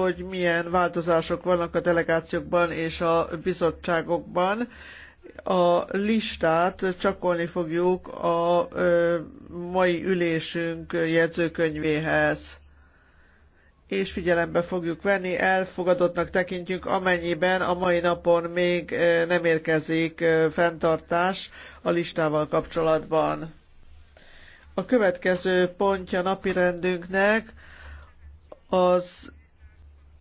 hogy milyen változások vannak a delegációkban és a bizottságokban. A listát csakolni fogjuk a mai ülésünk jegyzőkönyvéhez és figyelembe fogjuk venni, elfogadottnak tekintjük, amennyiben a mai napon még nem érkezik fenntartás a listával kapcsolatban. A következő pontja napirendünknek az